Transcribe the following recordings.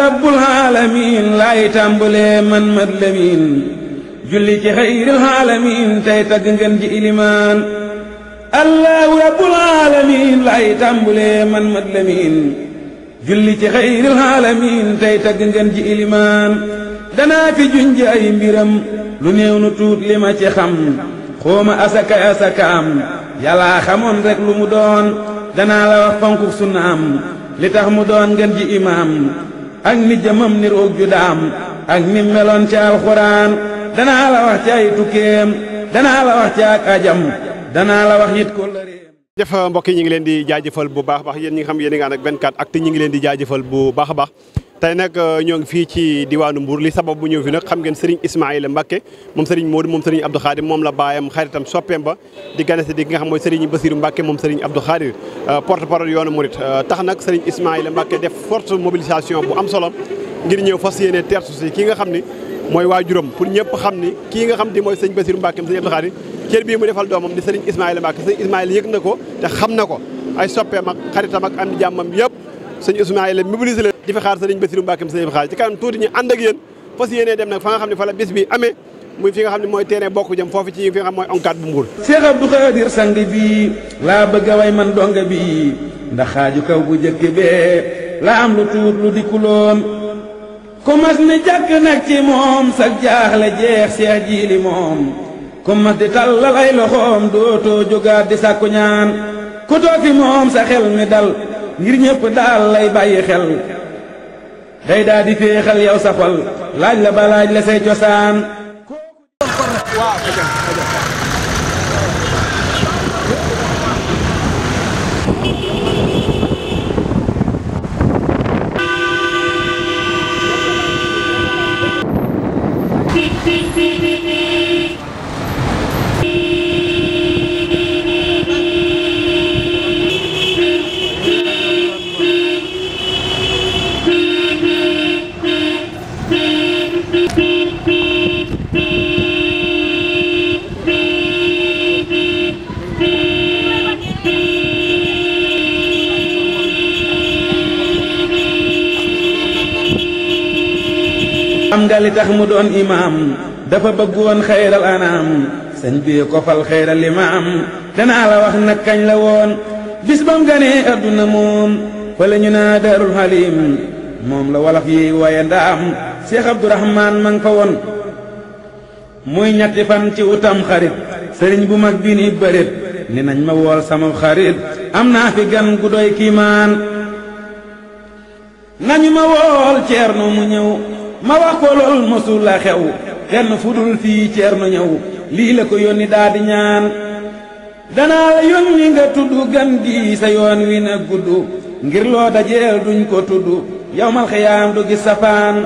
rabbul aalamiin laay tàmbalee man mat lamiin julli ci xayril aalamiin tey tagg ngeen ji ilimaan allahu rabbul aalamiin laay tàmbalee man mat lamiin julli ci xayril aalamiin tey tagg ngeen ji ilimaan danaa fi junj ay mbiram lu néew nu tuut li ma ci xam xooma asakay asakaam yàllaa xamoon rek lu mu doon danaa la wax fonku sunna am li tax mu doon ngeen ji imaam ak ni jëmam ni roog ju daam ak ni meloon ci alxuraan danaa la wax ci ay tukkeem danaa wax ci ak ajam danaa wax it kóllëreem jëf mbokk yi ñu ngi leen di jaajëfal bu baax bax yéen ñi nga xam yéen a ngi ànd ak 24 actu ñu ngi leen di jaajëfal bu baax a baax tey nag euh, ñoo ngi fii ci diwaanu Mbour li sabab bu ñëw fi nag xam ngeen Serigne Ismaïla Mbacké moom Serigne Modou moom Serigne Abdou Khadir moom la baayam xaritam soppeem ba di ganese di ki nga xam mooy Serigne Bassirou Mbacké moom Serigne Abdou Khadir euh, porte parole yoonu Mouride euh, tax nag Serigne Ismaïla Mbacké def forte am solo ngir ñëw fas yéene teertu si ki nga xam ni mooy waajuram pour ñëpp xam ni kii nga xam di mooy Serigne Bassirou Mbacké moom Serigne Abdou Khadir cër bii mu defal doomam di Serigne Ismaïla Mbacké Serigne Ismaïla yëg na ko te xam na ko ay soppeem ak xaritam ak am jàmmam yëpp sëñ Ismaïla mobilisé leen di fa xaar sëriñ Bassirou Mbacké sëñ bi xaar ci kanam tuuti ñu ànd ak yéen yéenee dem nag fa nga xam ne fa bis bi amee muy fi nga xam ne mooy terrain bokk jëm foofu ci fi nga xam mooy onkaat bu mbuur Cheikh Abdou Khadir sang bi laa bëgg a way man donga bi ndax kaw bu jëkk bee la am lu tuut lu dikkuloon ku mas ni jàkk nag ci moom sag jaaxle jeex seex jiili moom ku mas di tàllal loxoom dootoo di sàkku ku toog ngir ñëpp daal lay bàyyi xel day daa di féexal yow sa xol laaj la ba laaj la say cosaan. nga li tax mu doon imaam dafa bëggoon xayral anaam sëñ bi ko fal xayral imaam danaa la wax nag kañ la woon bis bam ganee adduna moom fële ñu naa daarul halim moom la walax yi waaye ndaam Cheikh Abdourahman ma nga fa woon muy ñetti fan ci utam xarit sëriñ bu mag bi ni bërit ni nañ ma wool sama xarit am naa fi gan gu kiimaan nañu ma wool ceerno mu ñëw ma wax ko lool mësul la xew fenn fu dul fii Ceerno ñëw lii la ko yónni daa di ñaan danaa yónni nga tudd gan gi sa yoon wi na gudd ngir loo dajeel duñ ko tudd yawmal xiyaam du gis safaan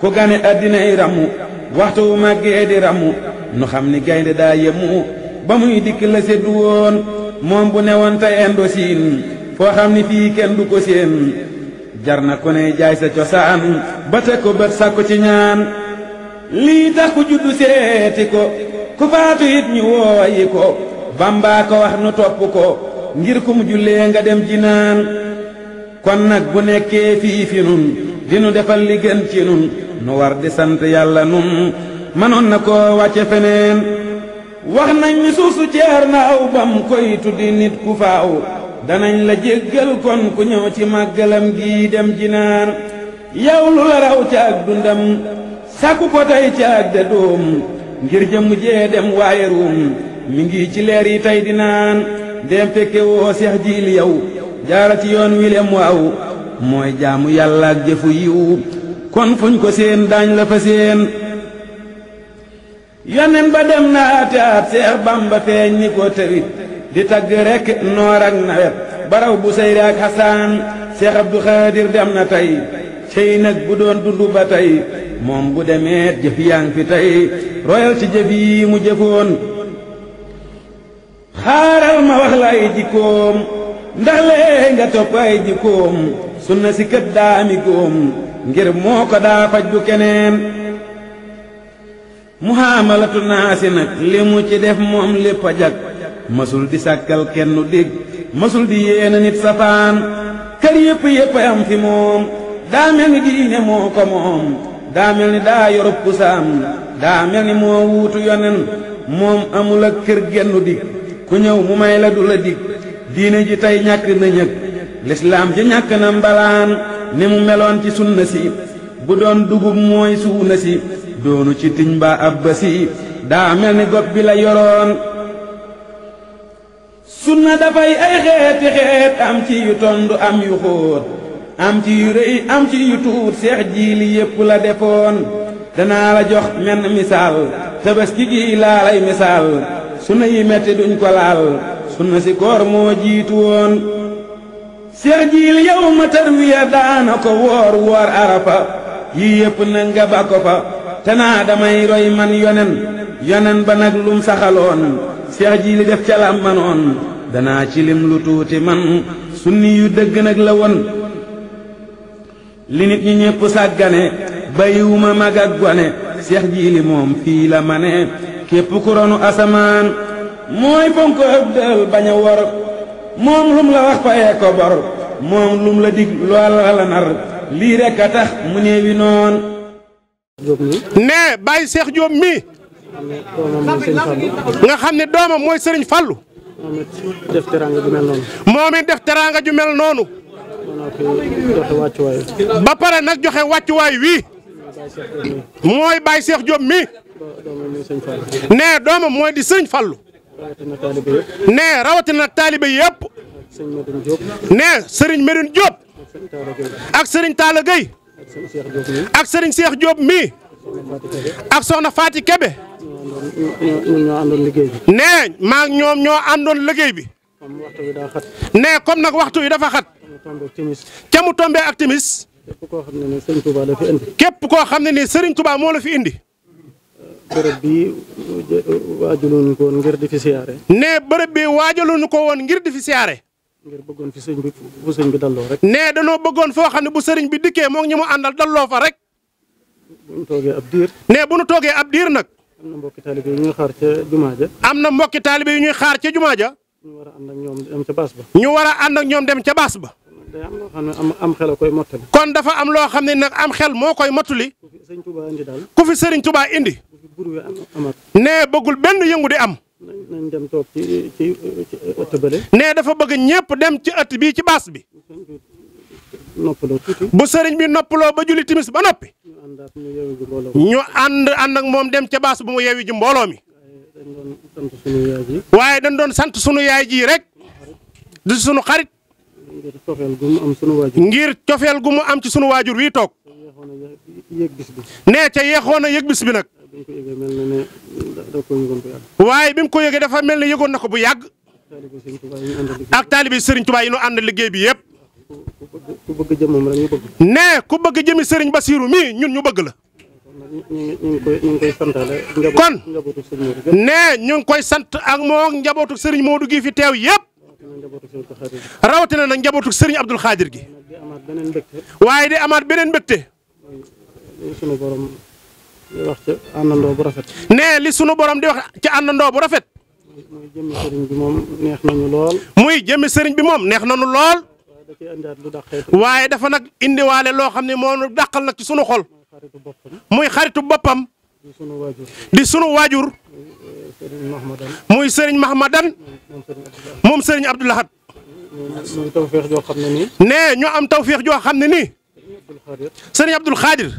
ku gane addinay ramu waxtu wu màggee ramu nu xam ni gaynde daa yemu ba muy dikk la seddu woon moom bu newoon te endosin foo xam ni fii kenn du ko seen jar na ku ne sa cosaan ba teg ko bët sàkku ci ñaan lii tax ku juddu seeti ko ku faatu it ñu wooyi ko bambaa ko wax nu topp ko ngir ku mu jullee nga dem ji naan kon nag bu nekkee fii fi nun dinu defal li gën ci nun nu war di sant yàlla nun mënoon na koo wàcce feneen wax nañ ni suuf su ceer na aw bam koy tuddi nit ku faaw danañ la jéggal kon ku ñëw ci màggalam gii dem jinaar yow lu la raw ca dundam sàkku ko tey ca de doom ngir jëm jee dem waaye ruum mi ngi ci leer yi tey di naan dem fekke woo seex jiil yow jaara ci yoon wilem waaw mooy jaamu yàlla ak jëfu yiw kon fuñ ko seen daañ la fa seen yonen ba dem na ate at seex bamba feeñ ni ko tawit di tagg rekk noor ak nawet baraw bu sayri ak xasaan seex abdu xaadir dem na tey cey nag bu doon dund ba tey moom bu demeet jëf yaa ngi fi tey royal ci jëf yi mu jëfoon xaaral ma wax la ay jikkoom ndax lee nga topp ay jikkoom sunna si kët daami góom ngir moo ko daa faj bu keneen muhaamalatu naa si nag li mu ci def moom lépp a masul di sàkkal kenn dégg masul di yéena nit safaan kër yëpp yëpp am fi moom daa mel ni diine moo ko moom daa mel ni daa yorub daa mel ni moo wuutu yonen moom amul ak kër gennu dig ku ñëw mu may la du la dig diine ji tey ñàkk na ñëg ni mu meloon ci sunna bu doon dugub mooy suuna si ci tiñ ba abba daa mel ni gob bi la yoroon sunna dafay ay xeeti xeet am ci yu tondu am yu xóot am ci yu rëy am ci yu tuut seex jiili yépp la defoon danaa la jox menn misaal tabaski gi laa lay misaal sunna yi metti duñ ko laal sunna si koor moo jiitu woon seex jiili yow ma tarwiya daana ko woor woor arafa yii yépp na nga ba ko fa tanaa damay roy man yonen yonen ba nag lum saxaloon seex jiili def ca la manoon danaa ci lim lu tuuti man sunni yu dëgg nag la won li nit ñi ñépp sàggane bayiwuma mag ak gone seex moom fii la ma ne képp ku ronu asamaan mooy fonk ab dël bañ wor moom lum la wax fayee ko bor moom lum la dig loola la nar lii rek a tax mu néewi noon ne bàyyi seex jóob mi nga xam ne doomam mooy sëriñ Fallu moom it def teraanga ju mel noonu. moom it def ba pare nag joxe wàccuwaay wii. mooy Baye Cheikh Diop mi. nee doomam mooy di sëñ Fallou. nee rawatina taalibe yëpp. nee Serigne Medoune Diop. ak Serigne Talla Gueye. ak Serigne Cheikh Diop mi. ak soxna Faati Kebe. ñoo àndoon liggéey bi. nee maa ñoom ñoo àndoon liggéey bi. nee comme nag waxtu wi dafa xat. ca mu tombé ak timis. képp koo xam ne nii Serigne képp koo xam ne nii Serigne Touba moo la fi indi. bërëb bi waajaluñu ko woon ngir di fi siyaare. nee bërëb bi waajaluñu ko woon ngir di fi siyaare. ngir fi sëñ bi fu sëñ bi dalloo rek. nee danoo bëggoon foo xam ne bu sëriñ bi dikkee moom ñi mu àndal dalloo fa rek. bu toogee ab diir. ne bu nu toogee ab diir nag. am na mbokki taalibe yu ñuy xaar ca jumaa ja. am na mbokki taalibe yu ñuy xaar ca jumaa ja. ñu war a ñoom dem ca baas ba. ñu war a ànd ak ñoom dem ca baas ba. xam ne am am xel koy mottali. kon dafa am loo xam ne nag am xel moo koy mottali. ku fi Serigne Touba indi daal. ku fi Serigne Touba indi. ne bëggul benn yëngu di am. nañ dem toog ci ci ëtt bële. ne dafa bëgg ñëpp dem ci ëtt bi ci baas bi. noppaloo tuuti. bu sëriñ bi noppaloo ba julli timis ba noppi. ñu ànd ànd ak moom dem ca baas bu mu yewi ji mbooloo mi. waaye dañ doon sant sunu yaay ji rek. di sunu xarit. ngir cofeel gu am sunu waajur. ngir cofeel gu mu am sunu waajur wii toog. nee ca yeexoon a yëg bis bi nag. waaye bi mu ko yëgee dafa mel ne yëgoon na ko bu yàgg. ak taalibe Sëriñ Tuubaa yi ñu ànd liggéey bi yëpp. ku bëgg jëmmam rek ñu bëgg. nee ku bëgg jëmi sëriñ Bassirou mii ñun ñu bëgg la. kon nee ñu ngi koy sant ak moo njabootu Serigne Modou gi fi teew yëpp. rawatina nag njabootu Serigne Abdoul Khadir gi. waaye di amaat beneen mbégte. di wax ci àndandoo bu rafet. nee li sunu borom di wax anda àndandoo bu rafet. muy jëmmi sëriñ bi moom neex na lool. lool. waaye dafa nag indiwaale loo xam ne moo nu dàqal nag ci sunu xol. muy xaritu boppam. di sunu waajur di sunu waajur. muy Serigne Mahmadan. moom Serigne Abdou Lahad. muy tawféex nee ñu am tawféex joo xam ne nii. Serigne Abdoul Khadir.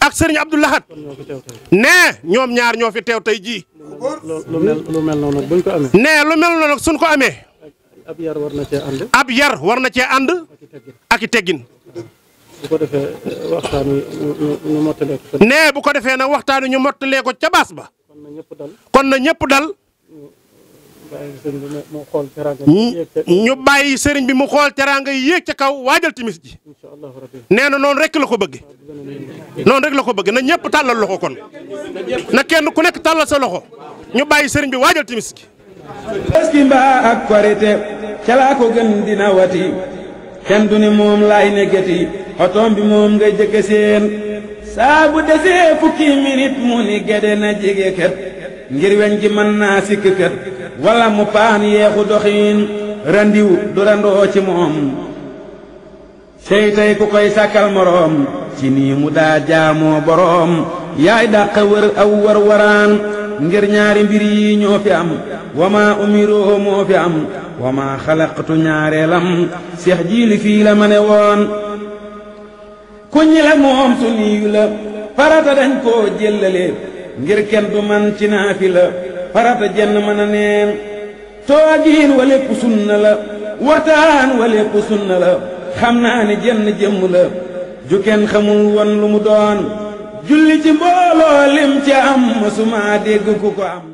ak Serigne Abdou Lahad. ñoom ñaar ñoo fi teew tey ji lu nee lu mel noonu suñ ko amee. ab yar war na cee ànd. ab yar war na cee ànd. ak i teggin bu ko defee eh, nee bu ko defee nag waxtaan wi ñu mottalee ko ca baas ba. kon na ñëpp dal. kon na ñëpp dal. ñu bàyyi sëriñ bi mu xool teraanga yi yéeg ca kaw waajal timis ji. nee na noonu rekk la ko bëgg. noonu rek la ko bëgg na ñëpp tàllal loxo kon. na kenn ku nekk tàllal sa loxo. ñu bàyyi sëriñ bi waajal timis ji. tabaski mbaa ak korite ca laa ko gën dina wati kenn du ne moom laay nekkati otoom bi moom nga jëkk seen saa bu mu ni gede na jege kët ngir weñ gi mën naa sikk kët wala mu paan yeexu doxiin randiw du randoo ci moom sey tey ku koy sàkkal moroom ci nii mu daa jaamoo boroom yaay dàq wër aw war waraan ngir ñaari mbir yi ñoo fi am wa maa umiroo moo fi am wa maa xalaqtu ñaareelam seex jiili fii la ma ne woon ku ñi la moom dañ koo jëllale ngir kenn du man ci naafi la jenn mën a neen toogiin wa lépp sunna la wataan wa lépp sunna xam naa jenn jëmm ju kenn xamul woon lu mu doon julli ci mbooloo lim ci am mësuma dégg ku ko am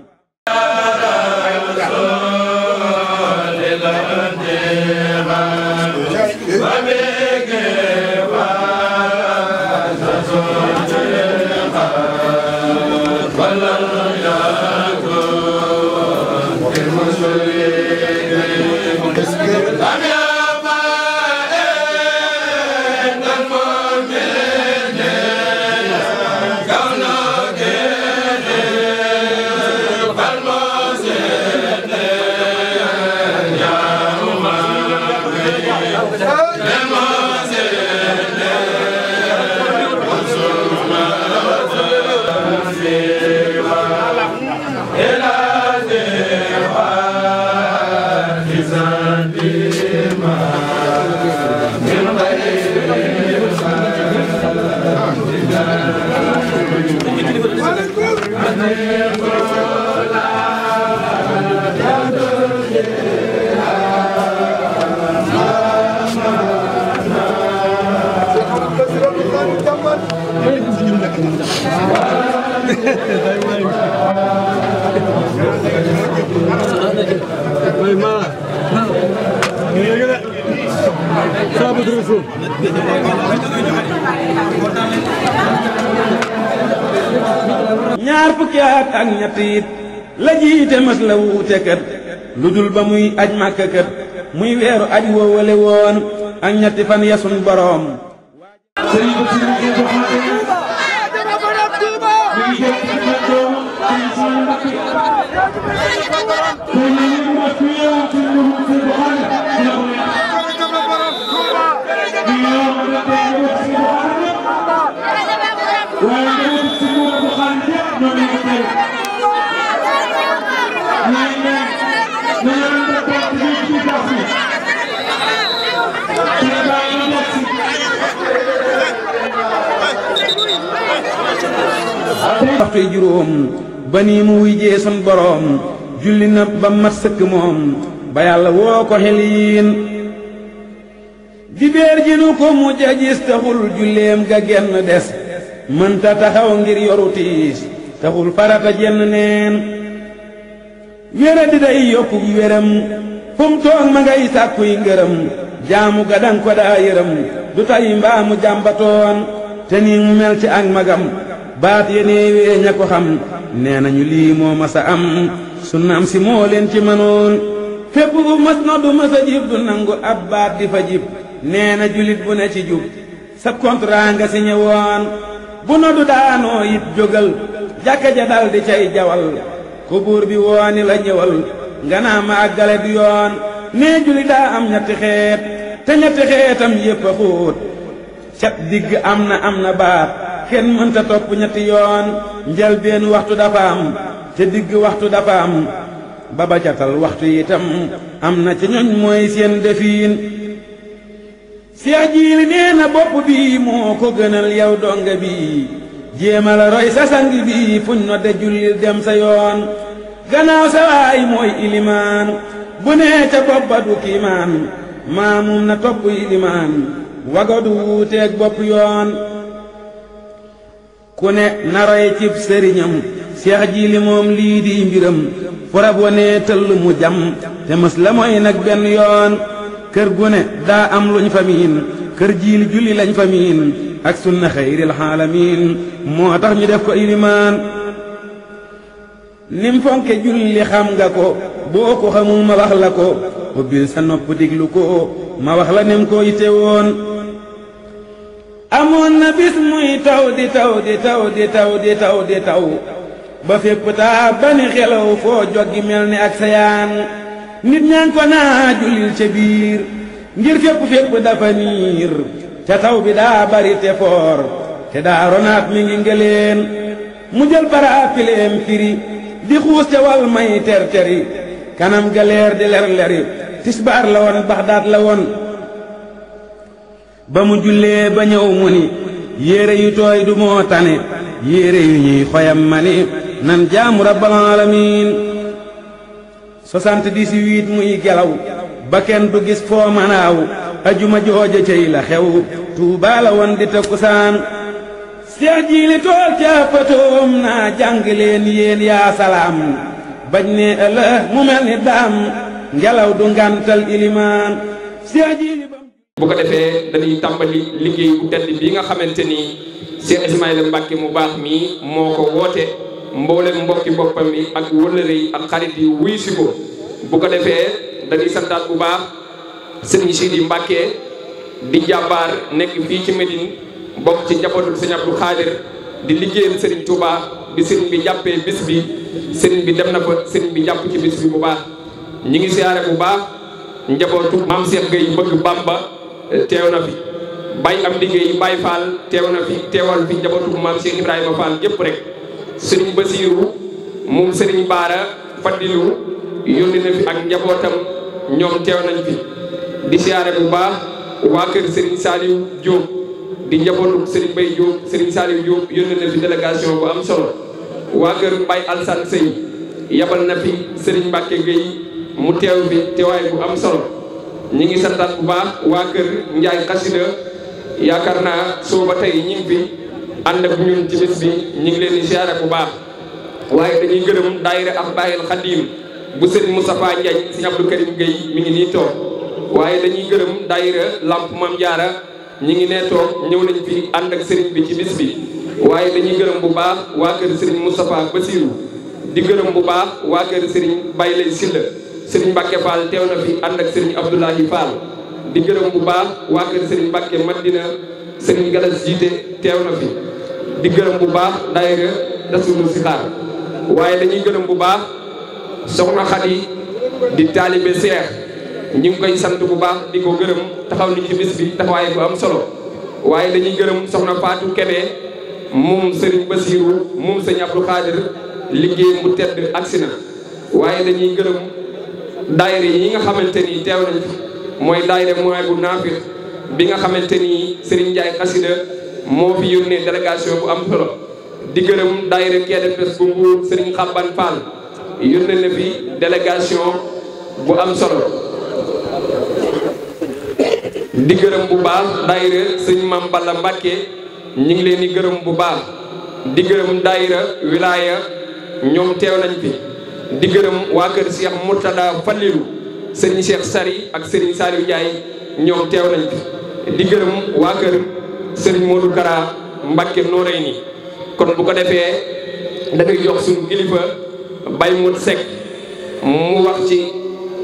ela Maala saabu duru ñaar fukki at ak ñett it la jiite mas lu dul ba muy aj màkk muy weeru aj woowale woon ak ñetti fan ya boroom waxtuy juróom ba nii mu wuy boroom julli ba mat sëkk moom ba yàlla woo ko xeliin dibéer ji nu ko mujj a gis taxul julleem ga genn des mënta taxaw ngir yoru tiis taxul farata jenn neen wéra di day yokku wéram fu toog ma ngay sàkku yi ngërëm jaamu ga dang ko daa yërëm du tay mbaa mu jàmbatoon te nii mu mel ci ak magam baat ya néewee ña ko xam nee nañu lii moo mas a am sunna am si moo leen ci mënoon fépp bu mas na du mas a du nangu ab baat di fa jib nee na julit bu ne ci jub sa contrat nga signé woon bu noddu daanoo it jógal jàkka ja dal cay jawal ku buur bi wooni la ñëwal nga naa ma du yoon nee juli daa am ñetti xeet te ñetti xeetam yépp a xóot cat digg am na am na baat kenn mënta topp ñetti yoon njëlbéen waxtu dafa ca digg waxtu dapam am ba ba catal waxtu itam am na ci ñoñ mooy seen defiin Seex Jiili nee na bopp bi moo ko gënal yow donga bi jéemal roy sa sang bi fuñ no de jullil dem sa yoon gannaaw sa waay mooy ilimaan bu nee ca bopp ba du kiimaan maamum na topp ilimaan wagadu wuuteeg bopp yoon ku ne naroy cib sëriñam seex ji li moom lii di mbiram forab wanee tëll mu jam te mës la mooy nag benn yoon kër gu ne daa am luñ fa miin kër jiili julli lañ fa miin ak sunna xayril xaalamiin moo tax ñu def ko ilimaan nim fonke julli xam nga ko boo ko xamul ma wax la ko ubbil sa nopp diglu ko ma wax la nim ko yite woon taw di taw di taw di taw taw di taw ba fépp taa bani foo joggi mel ni ak sa yaan nit ñaa ko naa julil ca biir ngir fépp fépp dafa niir ca taw bi daa bari te foor te daa ronaat mi ngi ngëleen mu jël bara pileem firi di xuus te wal may ter teri kanam ga leer di ler leri tisbaar la woon baxdaat la woon ba mu jullee ba ñëw mu yére yu tooy du moo tane yére yu ñuy xoyam mani nan jaamu rabbal muy gelaw ba du gis foo manaaw ajuma jooja cey la xew tuubaa la woon di takkusaan seex jiili tool ca pëtoom naa jàng leen yéen yaa salaam bañ ne ëllëg mu mel ni daam ngelaw du ngantal ilimaan bu ko defee dañuy tàmbali liggéey bu tedd bi nga xamante ni si Ismaïla Mbacke mu baax mii moo ko woote mboolem mbokki boppam yi ak wëllëre yi ak xarit yi wuy si ko bu ko defee dañuy santaat bu baax sëriñ Sidi Mbacke di jàmbaar nekk fii ci Médine bokk ci njabootul sëñ Abdou Khadir di liggéeyal sëriñ Touba bi sëriñ bi jàppee bis bi sëriñ bi dem na fa sëriñ bi jàpp ci bis bi bu baax ñi ngi siyaare bu baax njabootu maam Cheikh Gueye bëgg Bamba teew na fi bay am liggéey bay faal teew na fi teewal fi njabootu maam Cheikh Ibrahima Fall yëpp rek sëriñ Basiiru moom sëriñ Baara Fadilu yónni na fi ak njabootam ñoom teew nañ fi di siyaare bu baax waa kër sëriñ Saliou Diop di njabootu sëriñ Bay Diop sëriñ Saliou Diop yónni na fi délégation bu am solo waa kër Bay Alsan Sey yabal na fi sëriñ Mbàkke Gueye mu teew fi teewaay bu am solo ñi ngi santaat bu baax waa kër Njaay xasida yaakaar naa soo ba tey ñi bi fi ànd ak ñun ci bés bi ñu ngi leen di bu baax waaye dañuy gërëm daayira ak bàyyil xadiim bu sëriñ Moustapha Ndiaye si Abdou Karim Gueye mi ngi nii toog waaye dañuy gërëm daayira lamp Maam Jaara ñi ngi nee toog ñëw nañ fi ànd ak sëriñ bi ci bis bi waaye dañuy gërëm bu baax waa kër sëriñ Moustapha Basirou di gërëm bu baax waa kër sëriñ Baye Lay Silla sëriñ Mbacke Fall teew na fi ànd ak sëriñ Abdoulahi Fall di gërëm bu baax waa kër sëriñ Mbacke Madina sëriñ Galas jiite teew na fi di gërëm bu baax daayira si Sixaar waaye dañuy gërëm bu baax soxna Xadi di taalibe seex ñu ngi koy sant bu baax di ko gërëm taxaw nañ ci bis bi taxawaay bu am solo waaye dañuy gërëm soxna Fatou Kebe moom sëriñ Basiiru moom sëriñ Abdou Xaadir liggéey mu tedd agsi na waaye dañuy gërëm daayira yi nga xamante ni teew nañ mooy daayira mooy bu naafir bi nga xamante ni Serigne Ndiaye xasida moo fi yónnee délégation bu am solo di gërëm daayira KDPS bu Mbuur Serigne Xabban Fall yónnee na fi délégation bu am solo di gërëm bu baax daayira sëñ Mam Balla Mbàkke ñu ngi leen di gërëm bu baax di gërëm daayira wilaaya ñoom teew nañ fi di gërëm waa kër Cheikh Mourtada Fallilou sëriñ Cheikh Sari ak sëriñ Saliou Ndiaye ñoom teew nañ fi di gërëm waa kër sëriñ Modou Kara yi Noreyni kon bu ko defee dañuy jox suñu kilifa Baye Mour Seck mu wax ci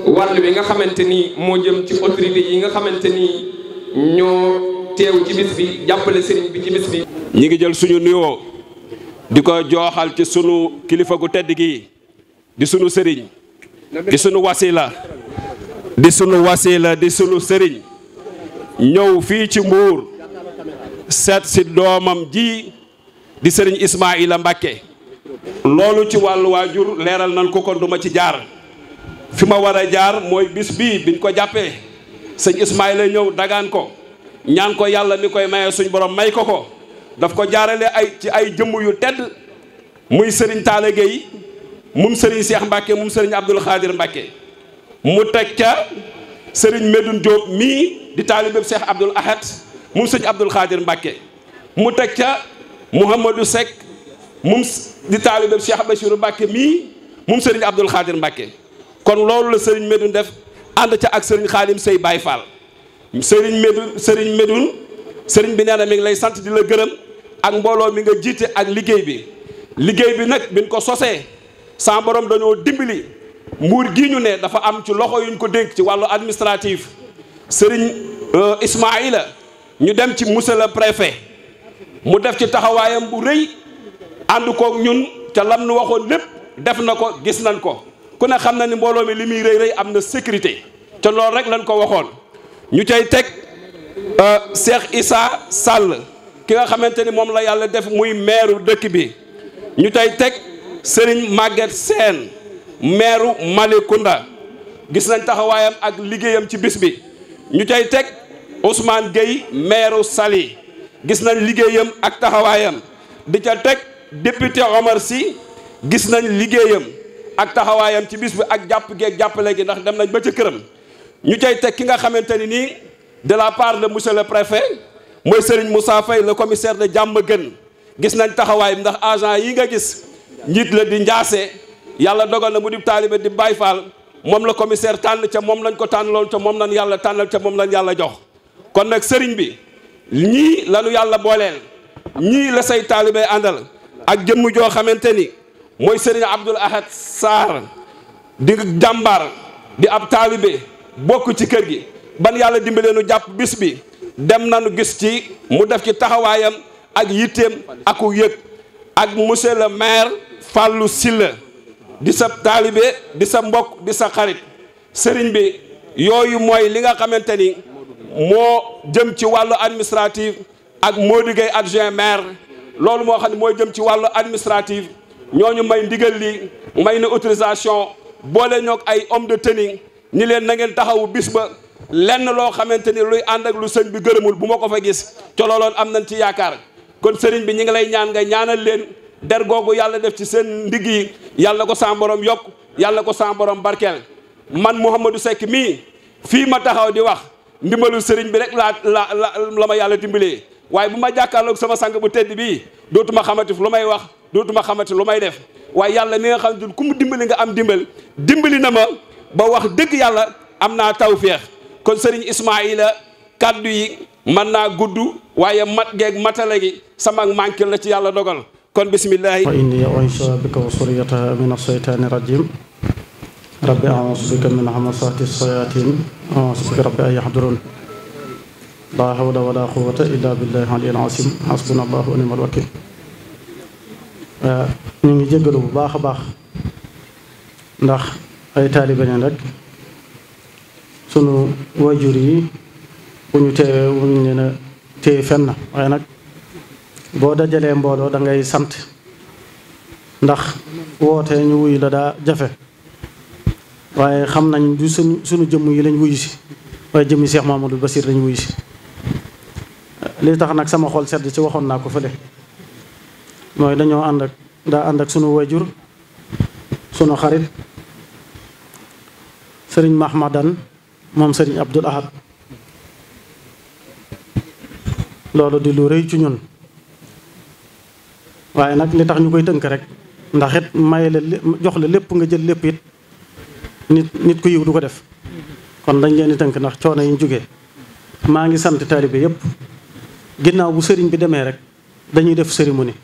wàll wi nga xamante ni moo jëm ci autorité yi nga xamante ni ñoo teew ci bis bi jàppale sëriñ bi ci bis bi. ñi ngi jël suñu nuyoo di ko joxal ci sunu kilifa gu tedd gi. di sunu sëriñ di sunu wasila di sunu wasila di sunu sëriñ ñëw fii ci mbuur seet si doomam ji di sëriñ Ismaïla Mbàkke loolu ci wàllu waajur leeral nañ ko kon duma ci jaar fi ma war a jaar mooy bis bii biñ ko jàppee sëñ Ismaïla ñëw dagaan ko ñaan ko yàlla mi koy maye suñ borom may ko ko daf ko jaarale ay ci ay jëmm yu tedd muy sëriñ Taala Géey moom sëriñ Seex Mbàkke moom sëriñ Abdul Xaadir Mbàkke mu teg ca sëriñ Medoune Diop mii di taalibeeb Seex Abdul Ahad moom sëriñ Abdul Xaadir Mbàkke mu teg ca Mouhamadou Seck moom di taalibeeb Seex Basiru Mbàkke mii moom sëriñ Abdul Xaadir Mbàkke kon loolu la sëriñ Medoune def ànd ca ak sëriñ Xaadim Sey Baay Faal sëriñ Medoune sëriñ Medoune sëriñ bi nee na mi ngi lay sant di la gërëm ak mbooloo mi nga jiite ak liggéey bi liggéey bi nag bi ñu ko sosee sa borom dañoo dimbali mbuur gii ñu ne dafa am ci loxo yuñ ko dénk ci wàllu administratif sëriñ euh, Ismaïla ñu dem ci monsieur le préfet mu def ci taxawaayam bu rëy ànd koog ñun ca lam nu waxoon lépp def na ko gis nañ ko ku ne xam na ni mbooloo mi li muy rëy rëy am na sécurité ca loolu rek lañ ko waxoon ñu cay teg euh, Cheikh Issa Sall ki nga xamante ni moom la yàlla def muy maire dëkk bi ñu cay teg. Serigne Maguette Sène maire Malicounda gis nañ taxawaayam ak liggéeyam ci bis bi ñu cay teg Ousmane Gueye maire sali gis nañ liggéeyam ak taxawaayam di ca teg député Omar Sy gis nañ liggéeyam ak taxawaayam ci bis bi ak jàpp geeg jàppale gi ndax dem nañ ba ca këram ñu cay teg ki nga xamante ni nii de la part de monsieur le préfet mooy Serigne Moussa Faye le commissaire de Diamaguène gis nañ taxawaayam ndax agent yi nga gis njiit la di njaase yàlla dogal na mu di taalibe di Baay Faal moom la commissaire tànn ca moom lañ ko tànn lool ca moom lañ yàlla tànnal ca moom lañ yàlla jox kon nag sëriñ bi ñii lañu yàlla booleel ñii la say taalibe àndal ak jëmm joo xamante ni mooy sëriñ Abdul Ahad Sarr di jàmbaar di ab taalibe bokk ci kër gi ban yàlla dimbaleenu jàpp bis bi dem na nu gis ci mu def ci taxawaayam ak yitteem aku yëg ak monsieur le maire Fallou Silla di sa taalibe di sa mbokk di sa xarit sëriñ bi yooyu mooy li nga xamante ni moo jëm ci wàllu administratif ak Modou Gueye adjoint maire loolu moo xam ne mooy jëm ci wàllu administratif ñu may ndigal li may na autorisation boole ñoog ay homme de tenue ñi leen na ngeen taxawu bis ba lenn loo xamante ni luy ànd ak lu sëñ bi gërëmul bu ma ko fa gis ca looloon am nañ ci yaakaar kon sëriñ bi ñu ngi lay ñaan nga ñaanal leen der googu yàlla def ci seen ndigg yi yàlla ko sa yokk yàlla ko sa borom barkeel man Mouhamadou sekk mii fii ma taxaw di wax ndimbalu sëriñ bi rek laa la la la ma yàlla dimbalee waaye bu ma jàkkaarloog sama sang bu tedd bii dootuma xamati lu may wax dootuma xamati lu may def waaye yàlla mi nga xam ne ku mu dimbali nga am dimbal dimbali na ma ba wax dëgg yàlla am naa tawféex kon sëriñ Ismaïla kaddu man naa gudd waaye mat geeg matale gi sama manqué la ci yàlla dogal kon bisimillahi wa inni u'iizuha bika wa suriyataha min asheytaani rajim rabbi a'uuzu bika min hamasati sayaatin a'uuzu bika rabbi an yahdurun laa hawla wala quwwata illa billahi aliyyil azim hasbuna ngi jéggalu bu baax a baax ndax ay taalibe ne sunu waajur yi bu ñu teewee waruñ leen a téye fenn waaye nag boo dajalee mbooloo dangay sant ndax woote ñu wuyu la daa jafe waaye xam nañ du suñu suñu jëmm yi lañ wuyu si waaye jëmmi Cheikh Mamadou Bassir lañ wuyu si li tax nag sama xol sedd ci waxoon naa ko fële mooy dañoo ànd ak daa ànd ak sunu wayjur sunu xarit sëriñ Mahmadan moom sëriñ Abdul Ahad loolu di lu rëy ci ñun waaye nag li tax ñu koy tënk rek ndax it maye la jox la lépp nga jël lépp it nit nit ku yiw du ko def kon dañ leen di tënk ndax coono yi ñu jógee maa ngi sant taalibe yépp ginnaaw bu sëriñ bi demee rek dañuy def sëri mu cérémonie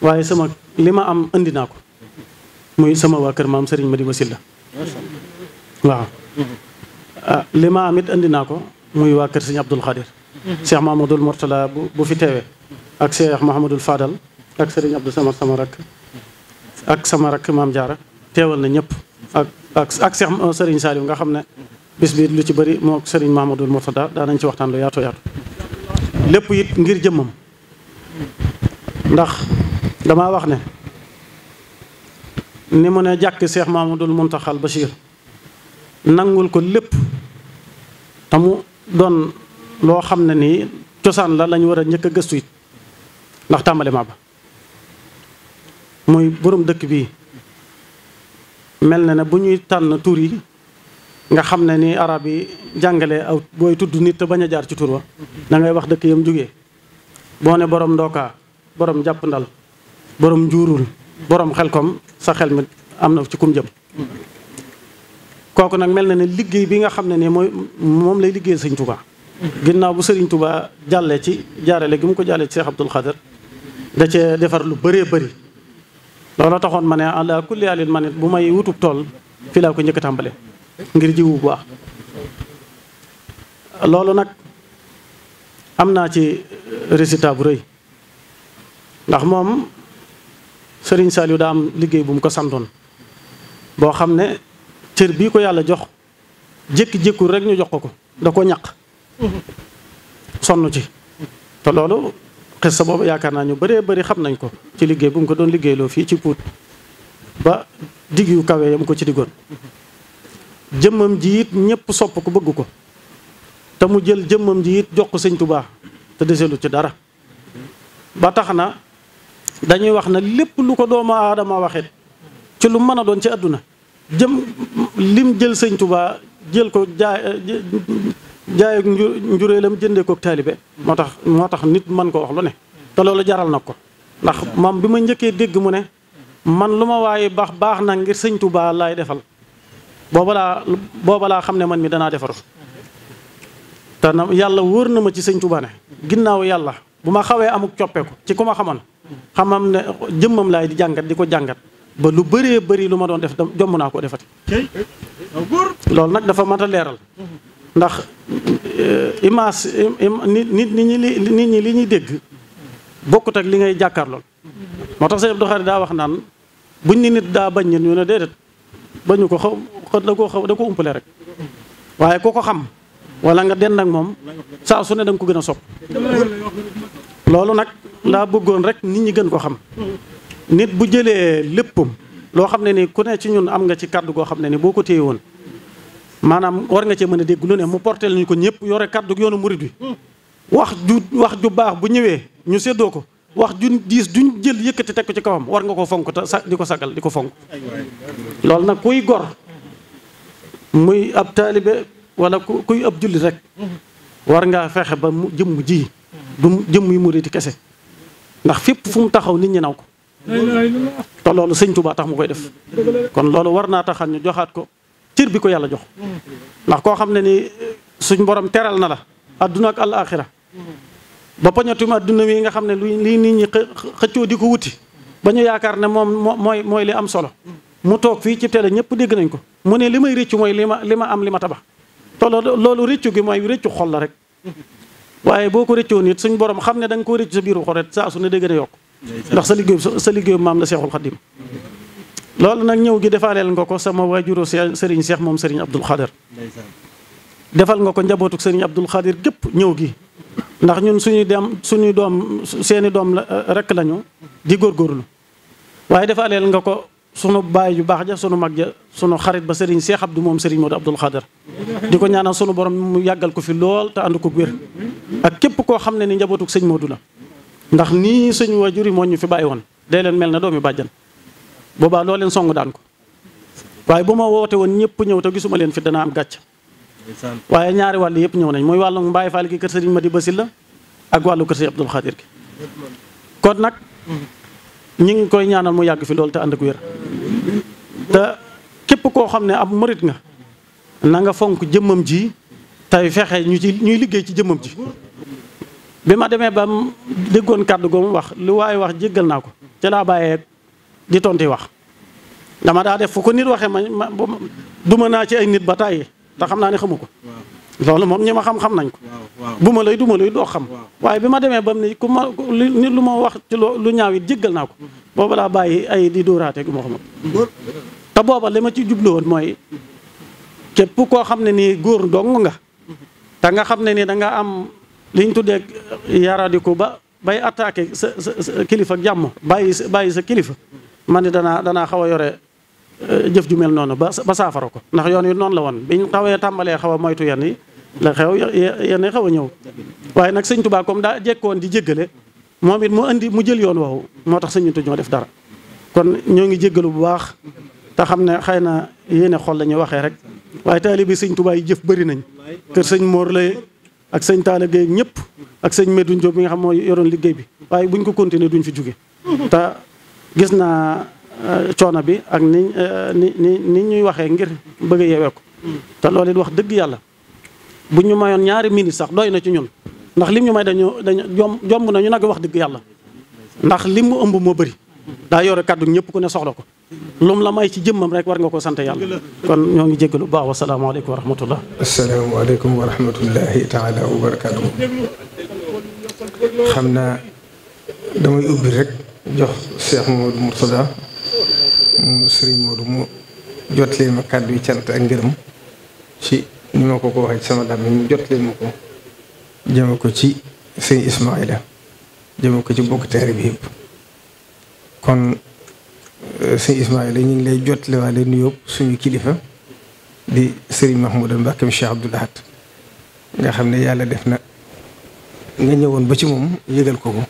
waaye sama li ma am indi naa ko muy sama waa kër maam sëriñ Madiba Sylla waaw ah, li ma am it indi naa ko muy waa kër sëriñ Abdul Xadir Cheikh Mahamadoul Mourtala bu bu fi teewee ak Cheikh Mahamadoul Fadal ak Serigne Abdou Samad sama rakk ak sama rakk Maam Jaara teewal na ñëpp ak ak ak Cheikh euh, Serigne nga xam ne bis bi lu ci bari moo Serigne Mahamadoul Mourtala daanañ ci waxtaan lu yaatu yaatu lépp it ngir jëmmam ndax damaa wax ne ni mu ne jàkk Cheikh Mahamadoul Muntaxal Bachir nangul ko lépp te mu doon loo xam ne ni cosaan la lañu war a njëkk a gëstu it ndax tàmbali ma ba mooy boroom dëkk bii mel na ne bu ñuy tànn tur yi nga xam ne ni arab yi jàngale aw booy tudd nit te bañ a jaar ci tur wa dangay wax dëkk yam jóge boo ne borom ndookaa boroom jàpp ndal borom njuurul xel koom sa xel mi am na ci kum jëm kooku nag mel na ne liggéey bi nga xam ne ni mooy moom lay liggéeyal sañ tuka ginnaaw bu sëriñ tubaa jàllee ci jaarale gi mu ko jàllee ci Cheikh Abdoul Khader da cee defar lu baree bari loola taxoon ma ne ala kulli alil ma ne bu may wutub tool fii laa ko njëkk tàmbale ngir jiwu bu baax loolu nag am naa ci euh, résultat bu rëy ndax moom sëriñ Saliou daa am liggéey bu mu ko santoon boo xam ne cër bii ko yàlla jox jékki-jékku rek ñu jox ko ko da ko ñaq sonn ci te loolu xissa boobu yaakaar naa ñu bëree bëri xam nañ ko ci liggéey bu mu ko doon liggéeyloo fii ci Pout ba digg kawe yam ko ci diggoon jëmmam ji it ñëpp sopp ko bëgg ko te mu jël jëmmam ji it jox ko sëñ Tuubaa te deselut ci dara ba tax na dañuy wax na lépp lu ko doomu aadama waxit ci lu mën a doon ci àdduna jëm lim jël sëñ Tuubaa jël ko jaay jaay ak njureelam jëndee kook taalibe moo tax moo tax nit man ko wax lu ne te loolu jaral na ko ndax moom bi ma njëkkee dégg mu ne man lu ma waaye baax baax na ngir sëñ Tuubaa laay defal booba laa xam ne man mi danaa defaru te na yàlla wóor na ma ci sëñ Tuubaa ne ginnaaw yàlla bu ma xawee amuk coppeeku ci ku ma xamoon xamam ne jëmmam laay di jàngat di ko jàngat ba lu bëree bari lu ma doon def jomm naa ko defati loolu nag dafa mat a leeral ndax euh, image nit nit ñi li nit ñi li ñuy dégg bokkut ak li ngay jàkkaarlool. moo tax sëñ Abdou Khadre daa wax naan buñ ni nit daa bañ ñu ne déedéet bañu ko xaw da koo xaw da ko umpale rek waaye koo ko xam wala nga dend nag moom saa su ne da ko gën a sopp loolu nag laa bëggoon rek nit ñi gën ko xam nit bu jëlee léppam loo xam ne ni ku ne ci ñun am nga ci kàdd koo xam ne ni boo ko téye woon maanaam war nga cee mën a dégg lu ne mu porté lañu ko ñëpp yore kaddu yoonu murid wi hmm. wax ju wax ju baax bu ñëwee ñu séddoo ko wax ju diis duñ jël yëkkati teg ko ci kawam war nga koo fonk te sa di ko sagal di ko fonk loolu nag kuy gor muy ab taalibe wala kuy ab jullit rek hmm. war ngaa fexe ba mu jëmm ji hmm. du jëmm yi murid kese ndax fépp fu mu taxaw nit ñi naw ko te loolu sëñ Tuubaa tax mu koy def kon loolu war naa taxal ñu joxaat ko cër bi ko yàlla jox ndax koo xam ne ni suñ borom teral na la adduna ak alaaxira ba poñatum adduna wi nga xam ne lu lii nit ñi xëccoo di ko wuti ba ñu yaakaar ne moom mooy mooy li am solo mu toog fii ci télé ñëpp dégg nañ ko mu ne li may rëccu mooy li ma li ma am li ma tabax te loolu rëccu gi mooy rëccu xol la rek waaye boo ko rëccoon nit suñ borom xam ne da nga koo rëccu sa biiru xoret saa su ne dégg na yokk ndax sa liggéey sa liggéey maam la seexul loolu nag ñëw gi defaaleel nga ko sama waajuru sëriñ Cheikh moom sëriñ Abdul Xadir defal nga ko njabootuk sëriñ Abdul xadar képp ñëw gi ndax ñun suñuy dem suñuy doom seeni doom euh, rek lañu di góor góorgóorlu waaye defaaleel nga ko sunu bàyyi yu baax ja sunu mag ja sunu xarit ba sëriñ Cheikh du moom sëriñ Modou Abdul xadar di ko ñaanal sunu borom mu yàggal ko fi lool te ànd ko wér ak képp koo xam ne ni njabootuk sëñ Modou la ndax nii suñu waajur yi moo ñu fi bàyyi woon day leen mel na doomi bàjjan boobaa loo leen song daan ko waaye bu ma woote woon ñëpp ñëw te gisuma leen fi dana am gàcc waaye ñaari wàll yëpp ñëw nañ muy wàllu Mbaye Fall gi kër Sëriñ Madi Basila ak wàllu kër Sëriñ Abdul Xaadir gi kon nag ñu ngi koy ñaanal mu yàgg fi loolu te ànd ak wér te képp koo xam ne ab murit nga na nga fonk jëmmam ji tey fexe ñu ci ñuy liggéey ci jëmmam ji bi ma demee ba déggoon kàddu goomu wax lu waaye wax jéggal naa ko ci laa bàyyee di tonti wax dama daa def foo ko nit waxee ma ma duma naa ci ay nit ba tàyyi te xam naa ne xamu ko loolu moom ñi ma xam-xam nañ ko bu ma lay duma lay doo xam waaye bi ma demee bam mu ni ku ma nit lu ma wax ci lu ñaaw it jéggal naa ko booba laa bàyyi ay di dóoraate gu ma xamul te booba li ma ci jublu woon mooy képp koo xam ne nii góor dong nga te nga xam ne nii danga am liñ tuddee yaradiku ba bay attaqué sa sa kilifa jàmm bàyyi sa bàyyi sa kilifa man ni danaa danaa xaw a yore eh, jëf ju mel noonu ba ba saafara ko ndax yoon yi noonu la woon biñ xawee tàmbalee xaw a moytu yenn yi la xew yenn yi xaw a ñëw waaye nag sëñ Tuubaa comme daa jekkoon di jéggale moom it mu andi mu jël yoon woowu moo tax sëñuntu ñoo def dara kon ñoo ngi jéggalu bu baax te xam ne xëy na yéene xol la ñuy waxee rek waaye taalibe sëñ Tuubaa yi jëf bari nañ kër sëñ Mor lay ak sëñ Talla Gueye ñëpp ak sëñ Medoune Diop mi nga xam mooy yoroon liggéey bi waaye buñ ko continuer duñ fi jóge gis naa euh, coono bi ak ni euh, ni ni ni ñuy waxee ngir bëgg a yeewee ko mm. te loolu it wax dëgg yàlla bu ñu mayoon ñaari minutes sax doy na ci ñun ndax lim ñu may dañu dañu jom jomb nañu nag wax dëgg yàlla ndax lim mu ëmb moo bëri daa yore kàddu ñëpp ku ne soxla ko lum la may ci jëmmam rek war nga ko sant yàlla kon ñoo ngi lu baax wasalaamaaleykum wa rahmatullah asalaamaaleykum wa rahmatullahi taala wa barakaatu xam na damay ubbi rek jox Cheikh Modou Mourtada mu Serigne Modou mu jot leen ma kàddu yi cant ak ngërëm ci ni ma ko ko waxee sama dàmm yi mu jot leen ma ko jëme ko ci sëñ Ismaïla jëme ko ci bokk teere bi yëpp kon euh, sëñ Ismaïla ñu ngi lay jot lewaale nuyoo suñu kilifa di Serigne Mahmoud Mbacké Cheikh Abdoul Ahad nga xam ne yàlla def na nga ñëwoon ba ci moom yëgal ko ko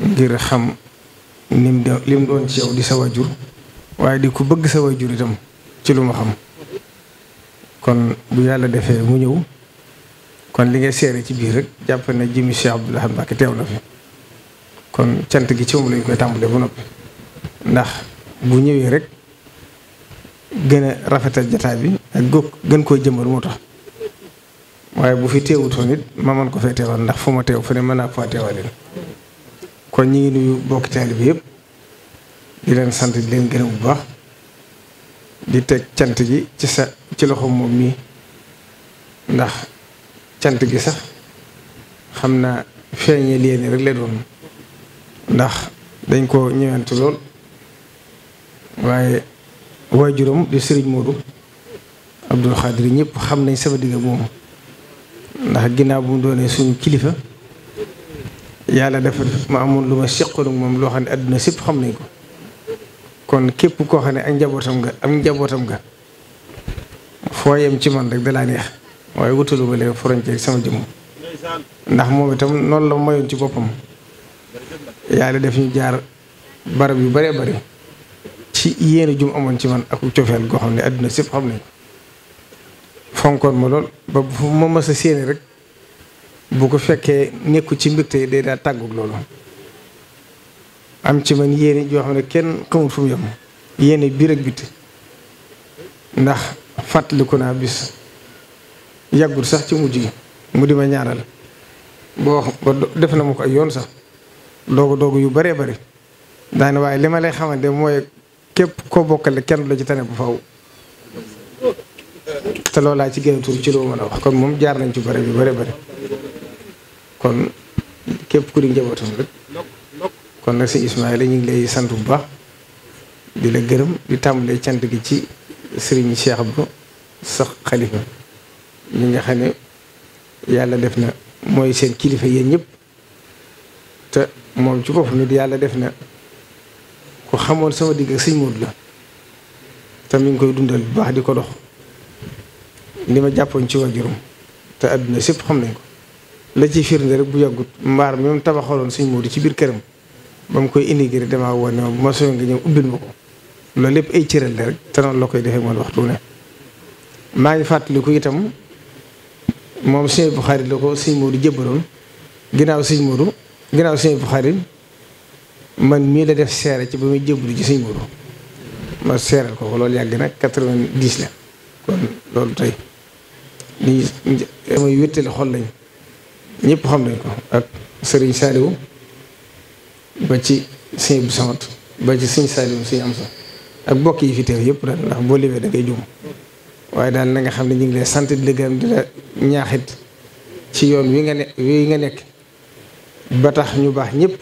ngir xam ni mu de lim doon ci yow di sa waaye di ku bëgg sa waajur itam ci lu ma xam kon bu yàlla defee mu ñëw kon li ngay seere ci biir rek jàpp ne jëmmi Cheikh Abdoul Ahad Mbacké teew na fi kon cant gi ci moom lañ koy tàmbalee bu noppi ndax bu ñëwee rek gën a rafetal jataay bi ak gó gën koo jëmmal moo tax waaye bu fi teewutoon it ma mën ko fee teewal ndax fu ma teew fu ne mën naa ko faa teewaleen kon ñi ngi nuyu bokk taalibe bi yëpp di leen sant di leen gërëm bu baax di teg cant ji ci sa ci loxo moom mii ndax cant gi sax xam naa feeñee lii rek la doon ndax dañ ko ñëwantu lool waaye waajuram di sëriñ moodu Abdoul Khadir ñëpp xam nañ sama digg moomu ndax ginnaaw bu mu doonee suñu kilifa yàlla dafa ma amoon lu ma seqaloon moom loo xam ne àdduna sépp xam nañ ko kon képp koo xam ne ak njabootam nga am njabootam nga foo yem ci man rek dalaa neex waaye wutalu ba leen frontière sama moom itam noonu la mayoon ci boppam yàlla def ñu jaar barab yu baree bari ci yéen jum amoon ci man ak cofeel goo xam ne àdduna sépp xam nañ ko fonkoon ma lool ba ma mës a rek bu ko fekkee nekku ci mbégte day daal tàggug loolu am ci man yéene joo xam ne kenn xamul fu mu yem yéene biir ak biti ndax fàttaliku naa bis yàggut sax ci mujj yi mu di ma ñaanal boo wax ba def na ma ko ay yoon sax doogu doogu yu baree bëri daane waaye li ma lay xamante mooy képp koo bokkale kenn la ci tane bu faw te loolu laa ci gën tur ci loo mën a wax kon moom jaar nañ ci bëri bi bëri bëri kon képp ku di njabootam rek kon nag si Ismaïla ñu ngi lay sant bu baax di la gërëm di tàmbalee cant gi ci sëriñ Cheikh bu sax xalifa ñu nga xam ne yàlla def na mooy seen kilifa yéen ñëpp te moom ci boppam nit yàlla def na ku xamoon sama digg ak sëñ Moodu la te mi koy dundal bu baax di ko dox li ma jàppoon ci waajuram te àdduna sépp xam nañ ko la ci firnde rek bu yàggut mbaar même tabaxaloon sëñ Moodu ci biir këram ba mu koy indi gërëm damaa woon ne ma bu ma soobee nga ñëw ubbil ma ko loolu lépp ay cëral la rek te noonu la koy defee man waxtu ne maa ngi fàttaliku itam moom sëñ Buxaari la ko sëñ Moodu jébbaloon ginnaaw sëñ Moodu ginnaaw sëñ Buxaari man mii la def seere ci ba muy jébbalu ci sëñ ko loolu yàgg nag quatre-vingt-dix loolu tey lii samay wéttali xol lañ. ñëpp xam nañ ko ak sëriñ Saliou ba ci sëñ bu samat ba ci sëñ Saliou sëñ am sax ak bokk yi fi teew yëpp daal ndax boo limee da waaye daal nanga xam ne ñu ngi lay sant di la gërëm di ñaaxit ci yoon wi nga ne wi nga nekk ba tax ñu baax ñëpp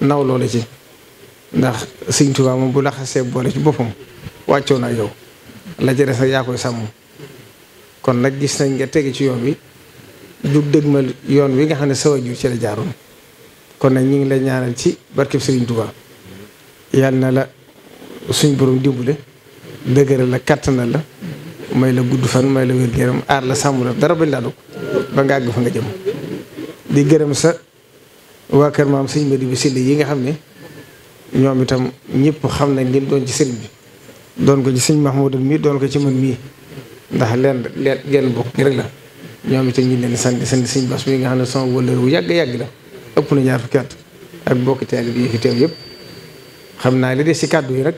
naw loola ci ndax sëñ Tuubaa moom bu la xasee boole ci boppam wàccoo naa yow la ca sa yaa koy sàmm kon nag gis nañ nga tege ci yoon wi jug ma yoon wi nga xam ne sa waajur ci la jaaroon kon nag ñu ngi lay ñaanal ci barkeb Serigne Touba yàlla na la suñ borom dimbale dëgëral la kattanal la may la gudd fan may la wér-gu-yaram aar la sàmm la dara bañ laa ko ba nga àgg fa nga jëm di gërëm sa waa kër maam sëñ Madi bi Sylla yi nga xam ne ñoom itam ñëpp xam nañ leen doon ci sëriñ bi doon ko ci sëñ Mahmoud mii doon ko ci man mii ndax leen leen genn bokk rek la ñoom itam ñu leen sant sant sëñ Bass mi nga xam ne sama wëllër bu yàgg yàgg la ëpp na ñaar fukki at ak bokki taalib yi fi teew xam naa li des si kàddu yi rek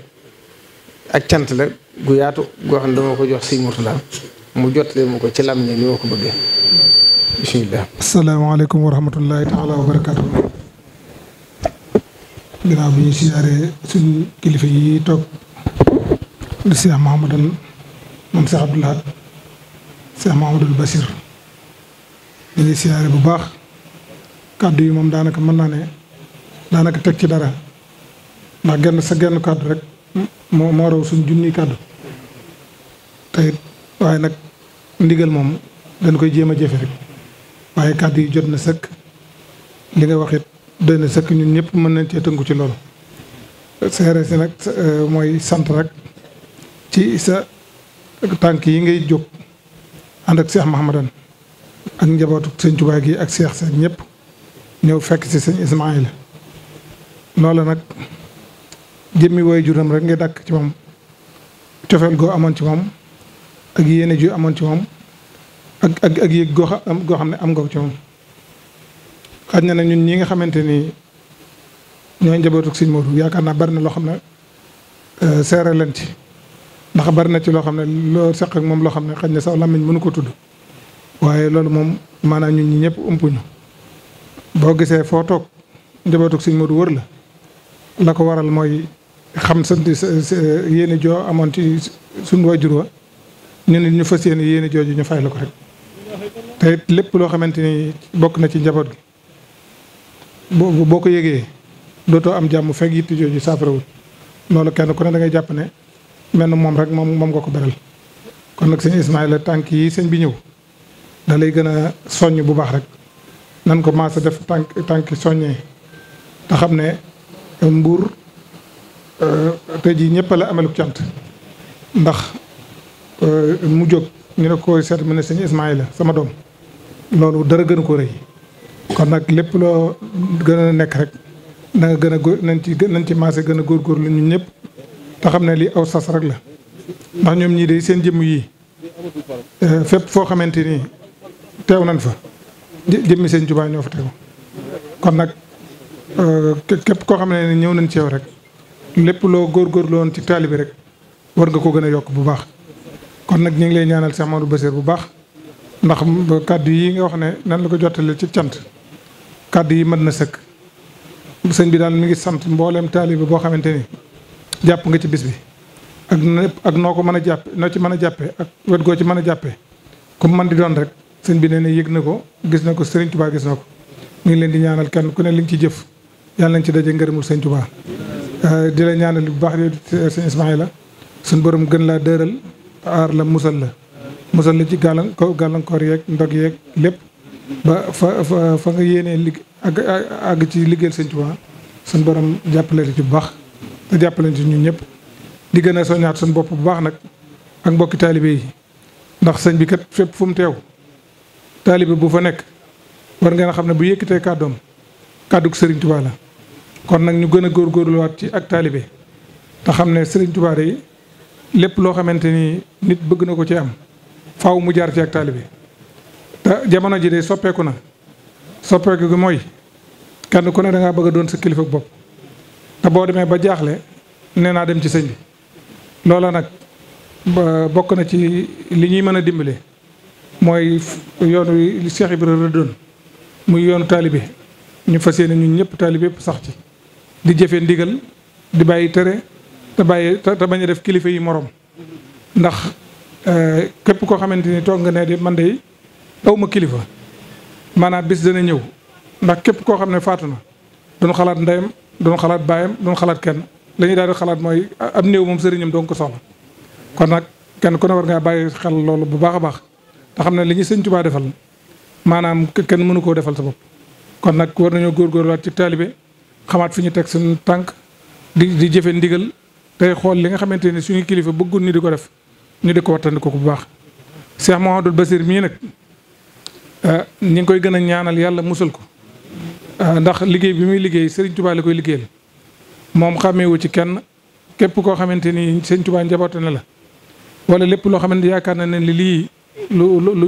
ak cant la gu yaatu ne dama ko jox sëñ Mourtala mu jottale ma ko ci lam ne ni ma ko bëggee bisimilah. asalaamaaleykum wa rahmatullahi taala wa barakaatu. ginnaaw bi ñu siyaaree suñu kilifa yi toog di Cheikh Mahamadan moom Cheikh Abdoul Ahad Cheikh Mahamadoul Basir ñu ngi siyaare bu baax kàddu yi moom daanaka mën naa ne daanaka teg ci dara ndax genn sa genn kàddu rek moo moo raw suñ junni kàddu tey waaye nag ndigal moom dañ koy jéem a jëfe rek waaye kàddu yi jot na sëkk li nga wax it doy na sëkk ñun ñëpp mën nañ cee tënku ci loolu seere si nag euh, mooy sant rek ci sa tànk yi ngay jóg ànd ak Cheikh Mahamadan ak njabootu sëñ Tuubaa gi ak seex seeg ñëpp ñëw fekk si sëñ Ismaayla loola nag jëmmi woy juram rek ngi dakk ci moom cofeel goo amoon ci moom ak yéene ju amoon ci moom ak ak ak yëg goo xam goo xam ne am nga ci moom xaj na ne ñun ñii nga xamante ni ñooy njabootu sëñ Moodu yaakaar naa bari na loo xam ne euh, seere leen ci ndax bari na ci loo xam ne loo seq ak moom loo xam ne xaj na sax làmmiñ mënu ko tudd waaye loolu moom maanaam ñu ñi ñëpp ëmpuñu boo gisee foo toog njabootug sëñ Modou wër la la ko waral mooy xam sant yéene joo amoon ci suñu waajur wa ñu ne ñu fas yéene yéene jooju ñu fay la ko rek te lépp loo xamante ni bokk na ci njaboot gi boo ko yëgee dootoo am jàmm fekk yitt jooju saafarawul loolu kenn ku ne da ngay jàpp ne mel na moom rek moom moom nga ko beral kon nag sëñ Ismaïla tànk yi sëñ bi ñëw da lay gën a soññ bu baax rek nan ko maasa def tànk tànk soññee te xam ne euh, mbuur euh, tey jii ñëpp la amaluk cant ndax euh, mu jóg ñu ne ko seet mu ne sëñ la sama doom loolu dara gën ko rëy kon nag lépp loo gën a nekk rek na gën a góor nañ ci nañ ci maase gën a góorgóorlu ñun ñëpp te xam ne lii aw sas rek la ndax ñoom ñii de seen jëmm yii fépp foo xamante nii teew nañ fa jëmmi sëñ Tuubaa ñoo fa teew kon nag euh, képp koo xam ne ñëw nañ ci rek lépp loo góor góorgóorlu woon ci taalibi rek war nga ko gën a yokk bu baax kon nag ñu ngi lay ñaanal Cheikh Amadou Bassir bu baax ndax kàddu yi nga wax ne nan la ko jottalee ci cant kàddu yi mën na sëkk sëñ bi daal mu ngi sant mbooleem taalibi boo xamante ni jàpp nga ci bis bi ak ak noo ko mën a jàpp noo ci mën a jàppee ak wet goo ci mën a jàppee comme man di doon rek sëñ bi nee na yëg na ko gis na ko sëriñ Tuubaa gis na ko ñu ngi leen di ñaanal kenn ku ne li nga ci jëf yàlla nañ ci daje ngërëmul sëñ Tuubaa euh, di la ñaanal bu baax yow euh, sëñ la suñ borom gën laa dëral aar la musal la musal la ci gàllankoor gàllankoor yeeg ndog yeeg lépp ba fa fa fa nga yéenee lig àgg ci liggéeyal sëñ Tuubaa suñ borom jàppale ci bu baax te jàppale ci ñun ñëpp di gën a soññaat suñ bopp bu baax nag ak mbokki taalibe yi ndax sëñ bi kat fépp fu mu teew taalibe bu fa nekk war ngeen xam ne bu yëkkatee kàddoom kàddug Serigne Touba la kon nag ñu gën a góor góorgóorluwaat ci ak taalibe te xam ne sëriñ Touba yi lépp loo xamante ni nit bëgg na ko ci am faw mu jaar ci ak taalibe te jamono ji de soppeeku na soppeeku gi mooy kenn ku ne da bëgg a doon sa kilifa bopp te boo demee ba jaaxle nee naa dem ci sëñ bi loola nag bokk na ci li ñuy mën a dimbale. mooy yoon wi Cheikh Ibrahima rëddoon muy yoonu taalibe ñu fas yéene ñun ñëpp taalibe yëpp sax ci di jëfe ndigal di bàyyi tere te bàyyi te bañ a def kilifa yi moroom ndax euh, képp koo xamante ni toog nga ne de man de awma kilifa maanaam bis dana ñëw ndax képp koo xam ne faatu na doon xalaat ndeyam doon xalaat baayam doon xalaat kenn la daal di xalaat mooy am néew moom sëriñam doon ko soxla kon nag kenn ku ne war ngaa bàyyi xel loolu bu baax a baax te xam ne li ñu sëñ Tuubaa defal maanaam kenn mënu koo defal sa bopp kon nag war nañoo góorgóorluwaat ci taalibe xamaat fi ñu teg suñu tànk di di jëfe ndigal tey xool li nga xamante ne suñu kilifa bëggul ni di ko def ñu di ko wattandiku bu baax Cheikh Mouhamadoul Basir mii nag euh, ñu ngi koy gën a ñaanal yàlla musal ko euh, ndax liggéey bi muy liggéey sëriñ Tuubaa la koy liggéeyal moom xàmmeewu ci kenn képp koo xamante ni sëñ Tuubaa njaboote na la wala lépp yaakaar na lii lu lu lu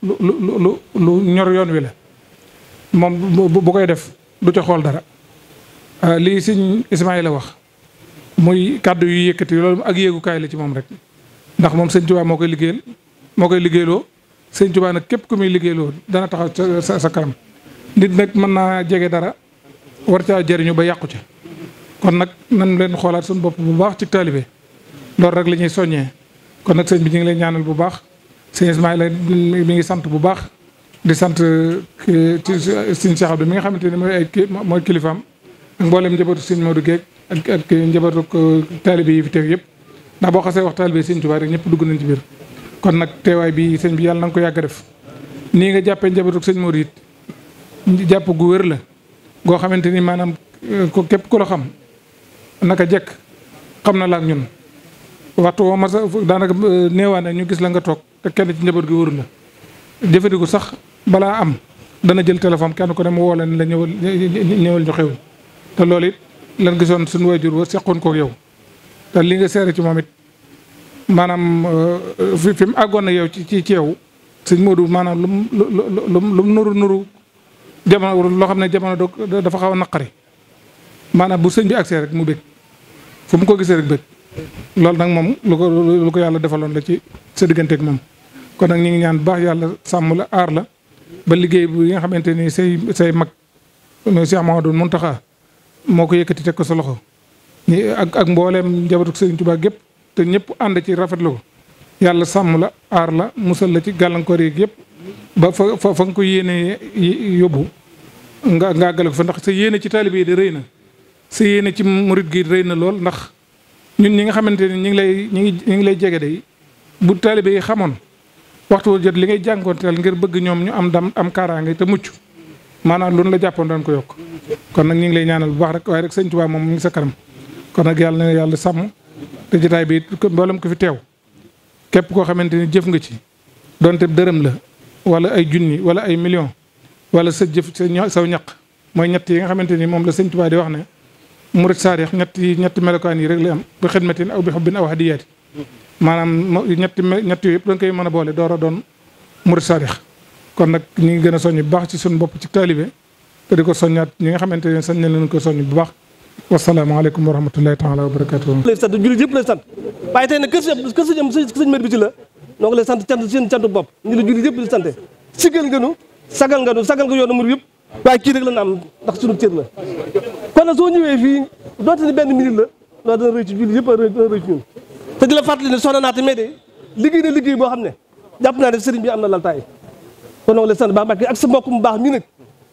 lu lu lu ñor yoon wi la moom bu koy def du ca xool dara euh, lii sëñ Ismaayla wax muy kàddu yu yëkkati loolu ak yéegukaay la ci moom rek ndax moom sëñ Tuubaa moo koy liggéeyal moo koy liggéeyloo sëñ Tuubaa nag képp ku muy liggéeyloo dana taxaw sa sa kanam nit nag mën naa jege dara war caa jëriñu ba yàqu ca kon nag nan leen xoolaat suñu bopp bu baax ci taalibe loolu rek lañuy ñuy soññee kon nag sëñ bi ñu ngi leen ñaanal bu baax sëñ la mi ngi sant bu baax di sant euh, sëñ Cheikh bi mi nga xamante ne mooy ay mooy kilifaam ak mboolem njabootu sëñ Modou Guèye ak ak njabootu euh, taalibe yi fi teew yëpp ndax boo xasee wax taalibe sëñ Tuubaa rek ñëpp dugg nañ ci biir kon nag teewaay bi sëñ bi yàlla na nga ko yàgg def nii nga jàppee njabootu sëñ Modou it jàpp gu wér la goo xamante ni maanaam euh, ko képp ku xam xam a jekk xam na la ñun waxtu woo ma daanaka néewaane ñu gis la nga toog te kenn ci njaboot gi wóoru la jëfandiku sax balaa am dana jël téléphone kenn ko ne mu woo la ne ñëwal ñëwal ñu xewul te lool it lan gisoon suñu wayjur wa seqoon kook yow te lii nga seere ci moom it maanaam euh, fi fi mu àggoon na yow ci ci ci yow sëñ Modou maanaam lu mu lu mu lu nuru nuru jamono loo xam ne jamono doog dafa xaw a naqari maanaam bu sëñ bi agsee rek mu bëgg fu mu ko gisee rek bëgg loolu nag moom lu ko yàlla defaloon la ci sa digganteeg moom kon nag ñu ngi ñaan baax yàlla sàmm la aar la ba liggéey bi nga xamante ni say say mag Cheikh Mahamadou Mountakha moo ko yëkkati teg ko sa loxo ñi ak ak mbooleem njabootu te ñëpp ànd ci rafetlu ko yàlla sàmm la aar la musal la ci gàllankoor yi yëpp ba fa fa nga ko yéene yóbbu nga nga àggale ko fa ndax sa yéene ci taalibe yi di rëy na sa yéene ci murit gi rey na lool ndax ñun ñi nga xamante ni ñu ngi lay ñu ngi ñu ngi lay jege day bu taalibe yi xamoon waxtu wu jot li ngay jànkoonteel ngir bëgg ñoom ñu am dam am kaaraange te mucc maanaam loolu la jàppoon daan ko yokk kon nag ñu ngi lay ñaanal bu baax rek waaye rek sëñ Tuubaa moom mi ngi sa kanam kon nag yàlla na yàlla sàmm te jotaay bi mboolem ko fi teew képp koo xamante ni jëf nga ci donte dërëm la wala ay junni wala ay million wala sa jëf sa saw ñaq mooy ñett yi nga xamante ni moom la sëñ Tuubaa wax ne murid saadix ñetti ñetti melokaan yi rek la am bi xidmatin aw bi xubbin aw hadiyaati maanaam ñetti ñetti yëpp da nga koy mën a boole door doon murid saadix kon nag ñu ngi gën a soññ baax ci suñu bopp ci taalibe te di ko soññaat ñi nga xamante ne sañ na leen ko soññ bu baax wasalaamaaleykum wa rahmatullahi taala wa barakatuh jullit yëpp lay sant waaye tey nag kër kër am sëñ mét ci la noo ngi lay sant cant seen cantu bopp ñu jullit yëpp di sante sigal nga sagal nga nu sagal nga yoonu murid yëpp waaye kii rek la na am ndax suñu cër la kon nag soo ñëwee fii doonte ne benn minute la loolu dana rëy ci jullit yëpp dana rëy ci ñun te di la fàttali ne soxna naata mais de liggéey na liggéey boo xam ne jàpp naa ne sëriñ bi am na laltaay kon nag la sant baax ak sa mbokk mu baax mi nag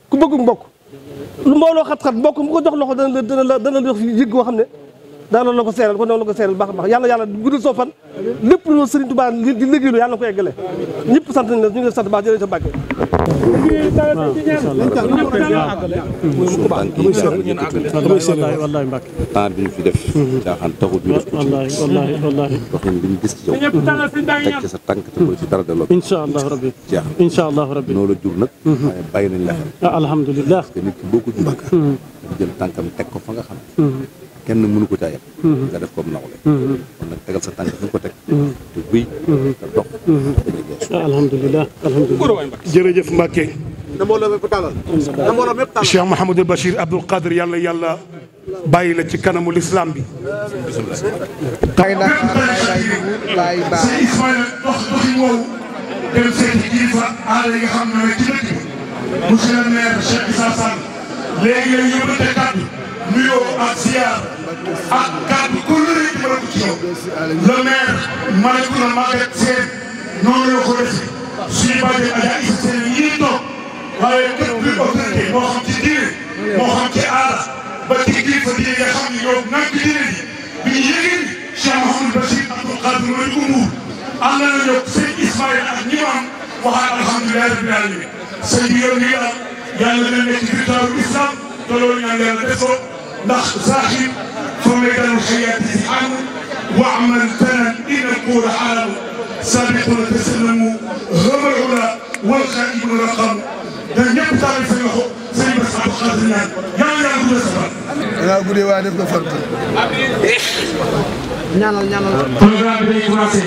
ku bëgg mbokk lu mbooloo xat-xat mbokk mu ko jox loxo dana la dana la dana la xam ne daa loolu la ko seeral ko noonu la ko seeral baax a baax yàlla yàlla guddal soo fan lépp lu Serigne Touba di liggéeylu yàlla na ko eggale ñëpp sant nañ la ñu ngi sant baax jërëjëf Mbacke wallahi Mbacke temps bi ñu fi def caaxaan taxul ñu def wallahi wallahi waxin bi ñu gis ci te ko ci dara delloo insha allah rabbi insha allah rabbi la jur nag mhm. waaye bàyyi nañ la xel ah, alhamdulillah te nit ki boo ko jur jël ko fa nga xam kenn mënu ko caayam mm-hmm. nga def comme nawle mm-hmm. kon nag tegal sa tànk fi nga ko teg mm-hmm. te buy te dox ah, alhamdulilah alhamdulilah jërëjëf Mbacke na mbooloo mépp tàllal na mbooloo mépp tàllal Cheikh Mouhamadou Bachir Abdoul Qadir yàlla yàlla bàyyi la ci kanamu lislaam bi xëy na laay baax dox doxi woowu dem seeti kilifa àll yi nga xam ne ci dëkk bi monsieur le maire Cheikh Issa Sall léegi la yëbante kàddu nuyoo ak siyaar ak kàddu ku lu rëy ma la ko ci yow le maire Malikuna Maguette Sène noonu la ko defee suñu bàjjee Adja Issa Sène yi ñuy toog waaye képp kuy autorité ci diine moo ci aada ba ci kilifa diine nga xam ne yow nàkk bi ñu yëgee Cheikh Mouhamadou Bachir Abdou Khadre mooy ko muur ànd nañu ak sëñ Ismaïl ak ñi mu am waxaat alhamdulilah rabbil alamin sëñ bi yow yàlla na nekk ci victoire islam te loolu فميدان الحياة عن واعمل تنا إن القول حال سابقون تسلموا هم العلا والخائب رقم dañ ñëpp taal sa loxo sëñ Ba Samba xaaral di naan yàlla yàlla dugg sa fan. danaa guddee nga fan. ñaanal ñaanal. programme bi day commencé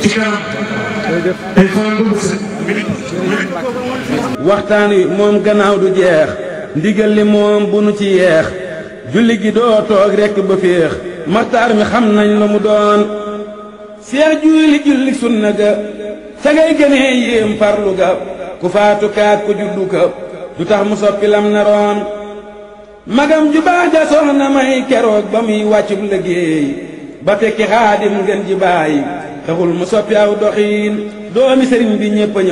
ci kanam. ay wi moom gannaaw du jeex ndigal li moom bu nu ci yeex. julli gi doo toog rekk ba féex maxtaar mi xam nañ la mu doon seex julli julli sunna ga ca ngay gënee yéem farlu ga ku faatu kaat ku juddu ka du mu soppi lam naroon magam ju ja soxna may keroog ba muy wàccub liggéey ba fekki xaadim ngeen ji bàyyi mu soppi aw doxiin doomi sëriñ bi ñépp a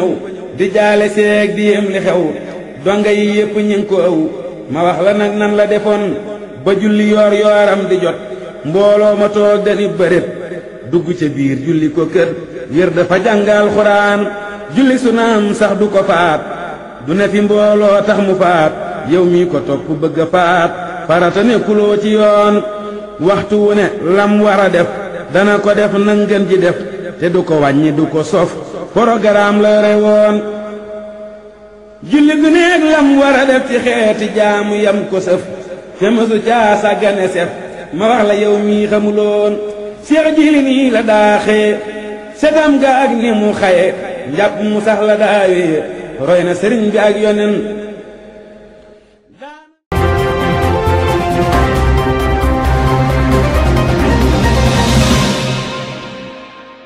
di jaale seeg di yéem li xew donga yi yépp ñi ko aw ma wax la nag nan la defoon ba julli yoor yooram di jot mbooloo ma toog dani bërét dugg ca biir julli ko kër wér dafa jàngal xuraan julli su sax du ko faat du ne fi mbooloo tax mu faat yow mii ko topp bëgg a faat farata nekkuloo ci yoon waxtu wu ne lam wara def dana ko def na ngeen ji def te du ko wàññi du ko sof programme la yore woon julli gu neeg lam war def ci xeeti jaamu yam ko sëf te mësu caa sàggane sef ma wax la yow mii xamuloon seex jili nii la daaxee setam ga ak ni mu xaye njàpp mu sax la daawee roy na sëriñ bi ak yonen